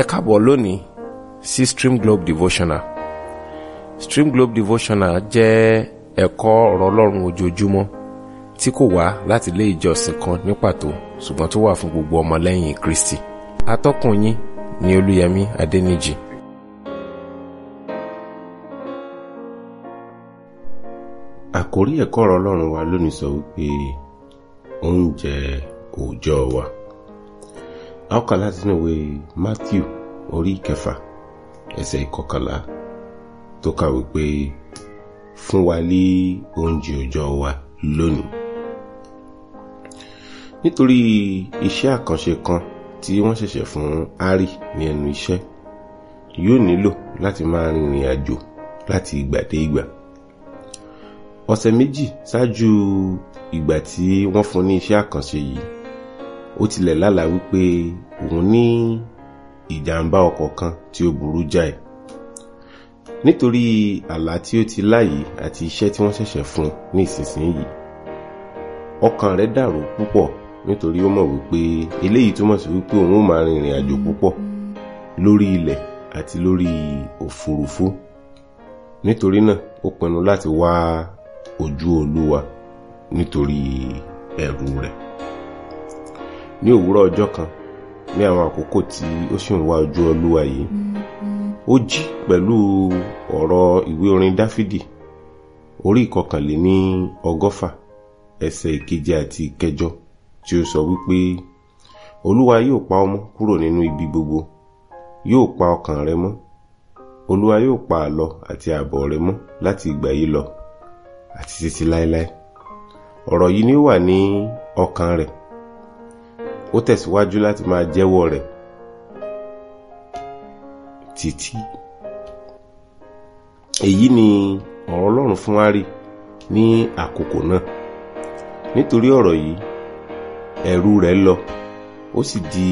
ẹ káàbọ̀ lónìí sí Stream Globe Devotional Stream Globe Devotional jẹ́ ẹ̀kọ́ ọ̀rọ̀ ọlọ́run ojoojúmọ́ tí kò wá láti ilé ìjọsìn kan ní pàtó ṣùgbọ́n tó wà fún gbogbo ọmọlẹ́yìn Kristi atọ́kùn yín ni Olúyẹmí Adẹ́nìjì. àkórí ẹ̀kọ́ ọ̀rọ̀ ọlọ́run wa lónìí sọ wípé oúnjẹ òòjọ́ wa a ó ìwé Matthew orí ìkẹfà ẹsẹ̀ ìkọkànlá tó kà wípé fún wa ní oúnjẹ òòjọ́ wa lónìí nítorí iṣẹ́ àkànṣe kan tí wọ́n ṣẹ̀ṣẹ̀ fún Harry ní ẹnu iṣẹ́ yóò nílò láti máa rìnrìn àjò láti ìgbà dé ìgbà ọ̀sẹ̀ méjì ṣáájú ìgbà tí wọ́n fún ní iṣẹ́ àkànṣe yìí ó tilẹ̀ lálàá wípé òun ní ìjàmbá ọkọ̀ kan tí ó burú jáì nítorí àlá tí ó ti lá yìí àti iṣẹ́ tí wọ́n ṣẹ̀ṣẹ̀ fún ní ìsinsìnyí ọkàn rẹ̀ dàrú púpọ̀ nítorí ó mọ̀ wípé eléyìí túmọ̀ sí wípé òun ó máa rin ìrìn àjò púpọ̀ lórí ilẹ̀ àti lórí òfurufú nítorí náà ó pinnu láti wá ojú olúwa nítorí ẹ̀rù rẹ̀ ní òwúrọ̀ ọjọ́ kan ní àwọn àkókò tí ó sì ń wá ojú olúwa yìí ó jí pẹ̀lú ọ̀rọ̀ ìwé orin dáfídì orí ìkọkànlé ní ọgọ́fà ẹsẹ̀ ìkeje àti ìkẹjọ tí ó sọ wípé olúwa yóò pa ọmọ kúrò nínú ibi gbogbo yóò pa ọkàn rẹ mọ́ olúwa yóò pa àlọ àti àbọ̀ rẹ mọ́ láti ìgbà yìí lọ àti títí láéláé ọ̀rọ̀ yìí ni ó wà ní ọkàn rẹ̀ ó tẹ̀síwájú láti máa jẹ́wọ́ rẹ̀ títí èyí ni ọ̀rọ̀ ọlọ́run fún wa rí ní àkókò náà nítorí ọ̀rọ̀ yìí ẹ̀rù rẹ̀ lọ ó sì di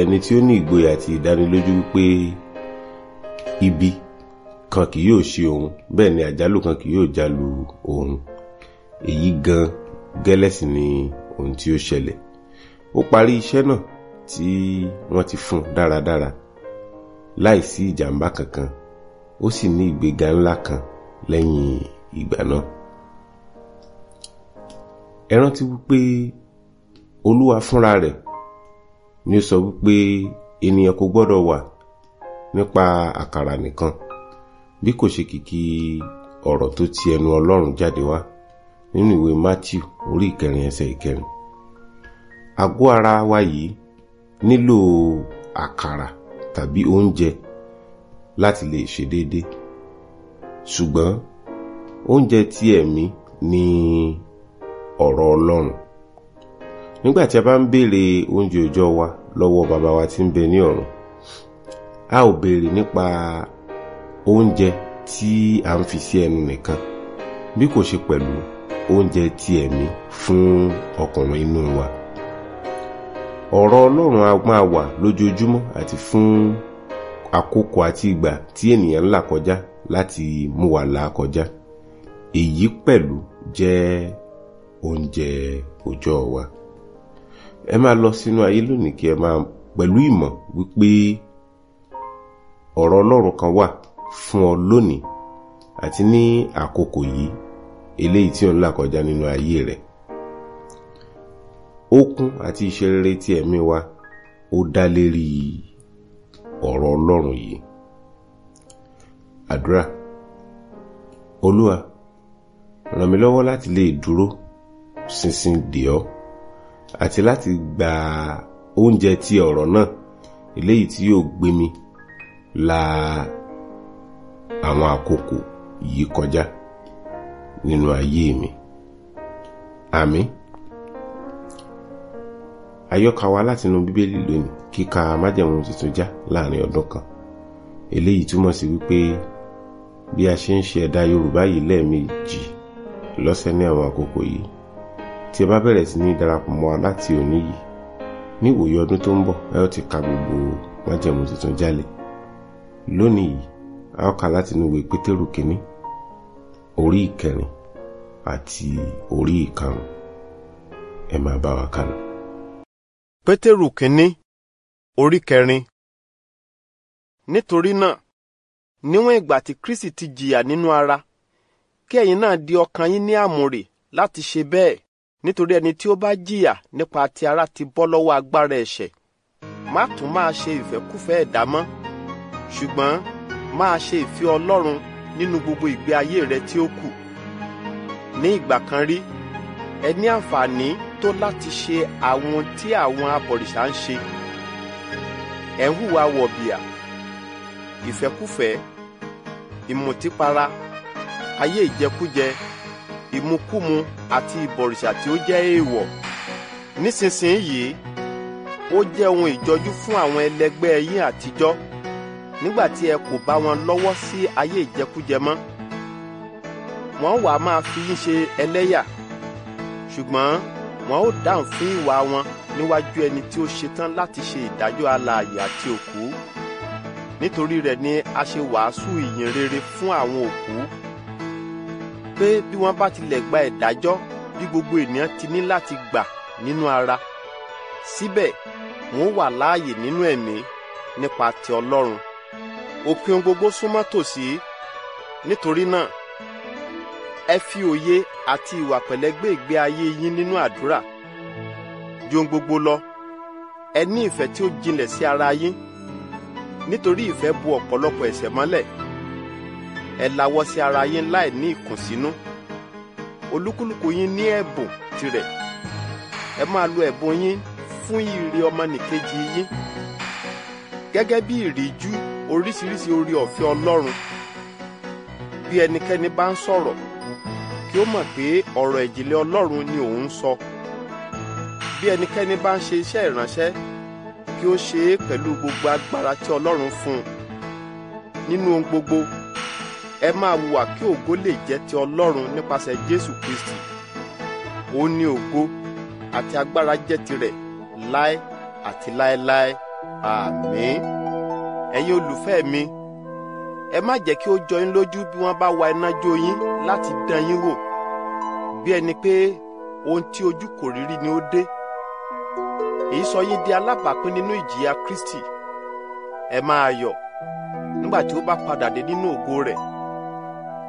ẹni tí ó ní ìgboyà àti ìdánilójú wípé ibi kan kì yóò ṣe òun bẹ́ẹ̀ ni àjálù kan kì yóò jálu òun èyí gan gẹ́lẹ́ ni ohun tí ó ṣẹlẹ̀ ó parí iṣẹ́ náà tí wọ́n ti fún dáradára láìsí ìjàmbá kankan ó sì ní ìgbéga ńlá kan lẹ́yìn ìgbà náà ẹ rántí wípé olúwa fúnra rẹ̀ ni ó sọ wípé ènìyàn kò gbọ́dọ̀ wà nípa àkàrà nìkan bí kò ṣe kìkì ọ̀rọ̀ tó ti ẹnu ọlọ́run jáde wá nínú ìwé matthew orí ìkẹrin ẹsẹ̀ ìkẹrin àgọ́ ara wa yìí nílò àkàrà tàbí oúnjẹ láti lè ṣe déédé ṣùgbọ́n oúnjẹ ti ẹ̀mí ni ọ̀rọ̀ Ọlọ́run nígbà tí a bá ń béèrè oúnjẹ òjọ́ wa lọ́wọ́ bàbá wa tí ń bẹ ní ọ̀run a ò béèrè nípa oúnjẹ tí a ń fi sí ẹnu nìkan bí kò ṣe pẹ̀lú oúnjẹ ti ẹ̀mí fún ọkùnrin inú wa ọ̀rọ̀ ọlọ́run a máa lójoojúmọ́ àti fún àkókò àti ìgbà tí ènìyàn ń là kọjá láti mú wa là kọjá èyí pẹ̀lú jẹ́ oúnjẹ òòjọ́ wa ẹ máa lọ sínú ayé lónìí kí ẹ máa pẹ̀lú ìmọ̀ wípé ọ̀rọ̀ ọlọ́run kan wà fún ọ lónìí àti ní àkókò yìí eléyìí tí ò ń là kọjá nínú ayé rẹ̀ okun àti iṣẹ́ rere tí ẹ̀mí wa ó dá lérí ọ̀rọ̀ Ọlọ́run yìí àdúrà Olúwa ràn mí lọ́wọ́ láti lè dúró ṣinṣin dè ọ́ àti láti gba oúnjẹ ti ọ̀rọ̀ náà eléyìí tí yóò gbé mi la àwọn àkókò yìí kọjá nínú ayé mi àmín àyọkà wa látinú bíbélì lónìí kíka májẹ̀mú tuntun já láàrin ọdún kan eléyìí túmọ̀ sí wípé bí a ṣe ń ṣe ẹ̀dà yorùbá yìí lẹ́ẹ̀mejì lọ́sẹ̀ ní àwọn àkókò yìí tí ẹ bá bẹ̀rẹ̀ sí ní darapọ̀ mọ́ wa láti òní yìí ní ìwòye ọdún tó ń bọ̀ ẹ ó ti ka gbogbo májẹ̀mú tuntun jálẹ̀ lónìí yìí a ó kà látinú ìwé pétérù kínní orí ìkẹrin àti orí ìkarùn ẹ máa bá wa kà Pétérù kínní orí kẹrin. Nítorí náà, níwọ̀n ìgbà tí Kristi ti jìyà nínú ara, kí ẹ̀yin náà di ọkàn yín ní àmùrè láti ṣe bẹ́ẹ̀ nítorí ẹni tí ó bá jìyà nípa ti ara ti bọ́ lọ́wọ́ agbára ẹ̀ṣẹ̀. Má tún máa ṣe ìfẹ́kúfẹ́ ẹ̀dá mọ́, ṣùgbọ́n máa ṣe ìfẹ́ Ọlọ́run nínú gbogbo ìgbé ayé rẹ tí ó kù. Ní ìgbà kan rí, ẹ ní àǹfààní tó láti ṣe àwọn tí àwọn abọ̀rìṣà ń ṣe ẹ̀ ń hùwà wọ̀bìà ìfẹ́kúfẹ̀ẹ́ ìmùtípara ayé ìjẹkújẹ ìmukúmu àti ìbọ̀rìṣà tí ó jẹ́ èèwọ̀ nísinsìnyí ó jẹ́ ohun ìjọjú fún àwọn ẹlẹgbẹ́ yín àtijọ́ nígbà tí ẹ kò bá wọn lọ́wọ́ sí ayé ìjẹkújẹ mọ́ wọ́n wàá máa fi yín ṣe ẹlẹ́yà ṣùgbọ́n wọn ó dáhùn fún ìwà wọn níwájú ẹni tí ó ṣetán láti ṣe ìdájọ́ alààyè àti òkú nítorí rẹ̀ ni a ṣe wàásù ìyìn rere fún àwọn òkú pé bí wọ́n bá tilẹ̀ gba ìdájọ́ bí gbogbo ènìyàn ti ní láti gbà nínú ara síbẹ̀ wọ́n wà láàyè nínú ẹ̀mí nípa ti Ọlọ́run òpin gbogbo súnmọ́ tòsí nítorí náà ẹ fi òye àti ìwà pẹ̀lẹ́ gbé ìgbé ayé yín nínú àdúrà ju ohun gbogbo lọ ẹ ní ìfẹ́ tí ó jinlẹ̀ sí ara yín nítorí ìfẹ́ bu ọ̀pọ̀lọpọ̀ ẹ̀ṣẹ̀ mọ́lẹ̀ ẹ lawọ́ sí ara yín láì ní ìkùnsínú olúkúlùkù yín ní ẹ̀bùn tirẹ̀ ẹ máa lo ẹ̀bùn yín fún ire ọmọnìkejì yín gẹ́gẹ́ bí ìríjú oríṣiríṣi oore ọ̀fẹ́ Ọlọ́run bí ẹnikẹ́ni bá ń sọ̀rọ̀ kí ó mọ̀ pé ọ̀rọ̀ ìjìnlẹ̀ Ọlọ́run ni òun sọ bí ẹnikẹ́ni bá ń ṣe iṣẹ́ ìránṣẹ́ kí ó ṣe é pẹ̀lú gbogbo agbára tí Ọlọ́run fún un nínú ohun gbogbo ẹ máa hùwà kí ògo lè jẹ́ ti Ọlọ́run nípasẹ̀ Jésù Kristi òun ni ògo àti agbára jẹ́ tirẹ̀ láé àti láéláé àmín ẹ̀yin olùfẹ́ mi ẹ má jẹ́ kí ó jọ yín lójú bí wọ́n bá wa iná jó yín láti dán yín wò bí ẹni pé ohun tí ojú kò rí rí ni ó dé èyí sọ yín di alábàápín nínú ìjìyà Kristi ẹ máa yọ̀ nígbà tí ó bá padà dé nínú ògo rẹ̀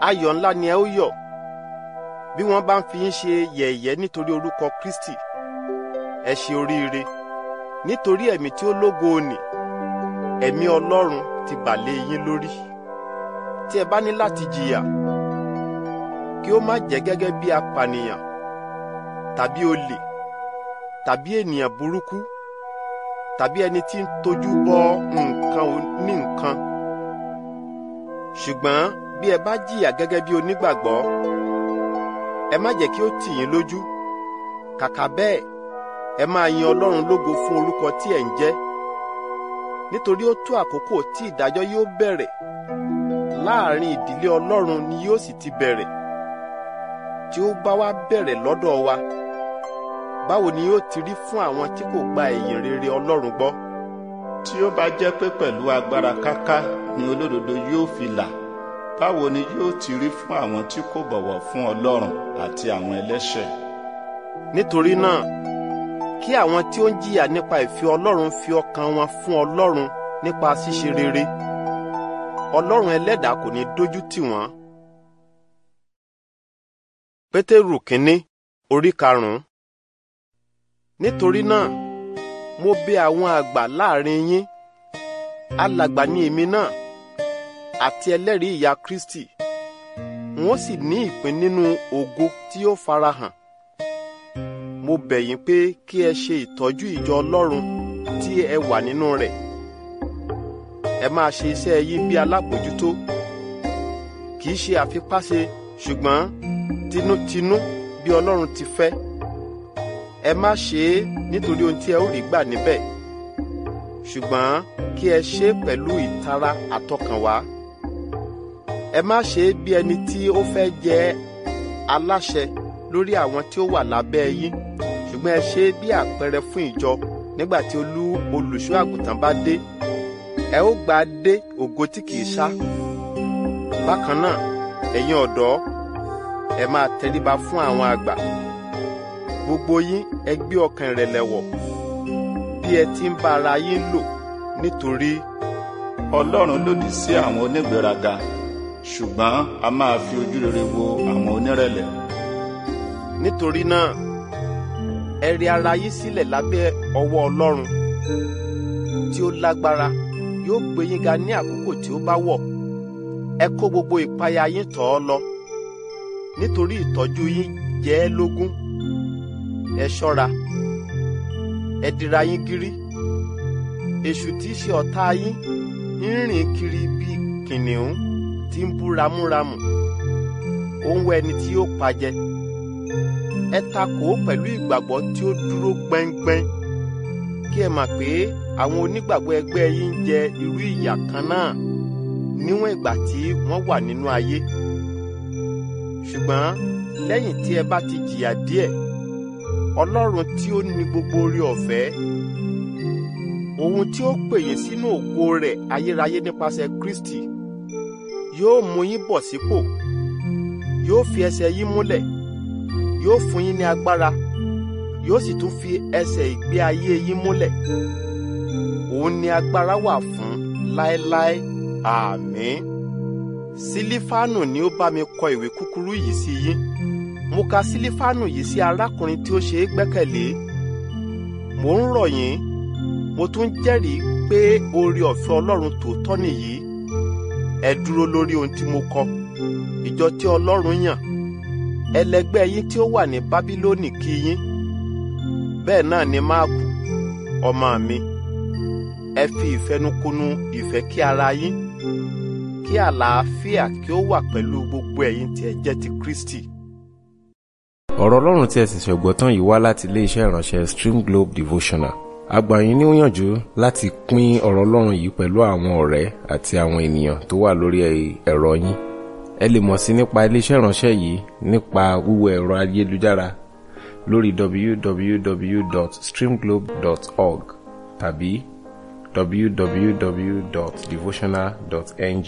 ayọ̀ ńlá ni ẹ ó yọ̀ bí wọ́n bá ń fi yín ṣe yẹ̀yẹ́ nítorí orúkọ Kristi ẹ ṣe oríire nítorí ẹ̀mí tí ó lógo òní ẹ̀mí Ọlọ́run ti bà yín lórí tí ẹ bá ní láti jìyà. kí ó má jẹ́ gẹ́gẹ́ bí apànìyàn tàbí olè tàbí ènìyàn burúkú tàbí ẹni tí ń tojú bọ nǹkan ní nǹkan ṣùgbọ́n bí ẹ bá jìyà gẹ́gẹ́ bí onígbàgbọ́ ẹ má jẹ́ kí ó tì yín lójú kàkà bẹ́ẹ̀ ẹ máa yin Ọlọ́run lógo fún orúkọ tí ẹ̀ ń jẹ́ nítorí ó tó àkókò tí ìdájọ́ yóò bẹ̀rẹ̀ láàrin ìdílé Ọlọ́run ni yóò sì ti bẹ̀rẹ̀ tí ó bá wá bẹ̀rẹ̀ lọ́dọ̀ wa báwo ni yóò ti rí fún àwọn tí kò gba ìyìn rere ọlọ́run gbọ́. tí ó bá jẹ́ pé pẹ̀lú agbára káká ni olódodo yóò fi là báwo ni yóò ti rí fún àwọn tí kò bọ̀wọ̀ fún ọlọ́run àti àwọn ẹlẹ́ṣẹ̀. nítorí náà kí àwọn tí ó ń jìyà nípa ìfi ọlọ́run fi ọkàn wọn fún ọlọ́run nípa ṣíṣe rere ọlọ́run ẹlẹ́dàá kò ní dójú tì wọ́n pétérù kínní orí karùnún. nítorí náà mo bẹ̀ àwọn àgbà láàrin yín alàgbà ni èmi náà àti ẹlẹ́rìí ìyà kristi wọ́n sì ní ìpín nínú ògo tí ó farahàn mo bẹ̀ yín pé kí ẹ ṣe ìtọ́jú ìjọ ọlọ́run tí ẹ wà nínú rẹ̀ ẹ máa ṣe iṣẹ́ yín bí alábòjútó kì í ṣe àfipáṣe ṣùgbọ́n tinútinú bí Ọlọ́run ti fẹ́ ẹ má ṣe é nítorí ohun tí ẹ ó rí gbà níbẹ̀ ṣùgbọ́n kí ẹ ṣe é pẹ̀lú ìtara àtọkànwá ẹ má ṣe é bí ẹni tí ó fẹ́ jẹ aláṣẹ lórí àwọn tí ó wà lábẹ́ yín ṣùgbọ́n ẹ ṣe é bí àpẹẹrẹ fún ìjọ nígbà tí olú olùṣọ́ àgùntàn bá dé ẹ ó gba dé ògo tí kìí ṣá bákan náà ẹ̀yin ọ̀dọ́ ẹ máa tẹríba fún àwọn àgbà gbogbo yín ẹ gbé ọkàn ìrẹ̀lẹ̀ wọ̀ bí ẹ ti ń bá ara yín lò nítorí. ọlọ́run lòdì sí àwọn onígbéraga ṣùgbọ́n a máa fi ojú rere wo àwọn onírẹ̀lẹ̀. nítorí náà ẹ rẹ ara yín sílẹ̀ lábẹ́ ọwọ́ ọlọ́run tí ó lágbára yóò gbé yín ga ní àkókò tí ó bá wọ̀ ẹ kó gbogbo ìpayà yín tọ̀ ọ́ lọ nítorí ìtọ́jú yín jẹ ẹ́ lógún ẹ ṣọ́ra ẹ dira yín gírí èṣù tí í ṣe ọ̀tá yín ń rìn kiri bí kìnìún tí ń bú ramúramù ó ń wá ẹni tí yóò pa jẹ ẹ takò ó pẹ̀lú ìgbàgbọ́ tí ó dúró gbẹ́ngbẹ́n kí ẹ mà pé àwọn onígbàgbọ́ ẹgbẹ́ yín jẹ irú ìyà kan náà níwọ̀n ìgbà tí wọ́n wà nínú ayé ṣùgbọ́n lẹ́yìn tí ẹ bá ti jìyà díẹ̀ ọlọ́run tí ó ní gbogbo orí ọ̀fẹ́ òun tí ó pèyè sínú ògo rẹ̀ ayérayé nípasẹ̀ Kristi yóò mú yín bọ̀ sípò yóò fi ẹsẹ̀ yín múlẹ̀ yóò fún yín ní agbára yóò sì tún fi ẹsẹ̀ ìgbé ayé yín múlẹ̀ òun ni agbára wà fún láéláé àmín sílífánù ni ó bá mi kọ ìwé kúkúrú yìí sí yín mo ka sílífánù yìí sí arákùnrin tí ó ṣe é gbẹ́kẹ̀lé mo ń rọ̀ yín mo tún jẹ́rìí pé oore ọ̀fẹ́ ọlọ́run tòótọ́ nìyí ẹ dúró lórí ohun tí mo kọ ìjọ tí ọlọ́run yàn ẹlẹgbẹ́ yín tí ó wà ní bábílónì kí yín bẹ́ẹ̀ náà ni máàkù ọmọ mi ẹ fi ìfẹnukunu ìfẹ́ kí ara yín kí àlàáfíà kí ó wà pẹ̀lú gbogbo ẹ̀yin tí ẹ jẹ́ ti Kristi. ọ̀rọ̀ ọlọ́run tí ẹ sì ṣẹ̀gbọ́ tán yìí wá láti iléeṣẹ́ ìránṣẹ́ Stream Globe Devotional a gbà yín níyànjú láti pín ọ̀rọ̀ ọlọ́run yìí pẹ̀lú àwọn ọ̀rẹ́ àti àwọn ènìyàn tó wà lórí ẹ̀rọ yín ẹ lè mọ̀ sí nípa iléeṣẹ́ ìránṣẹ́ yìí nípa wíwọ ẹ̀rọ ayélujára lórí www.streamglobe.org tàbí www.devotional.ng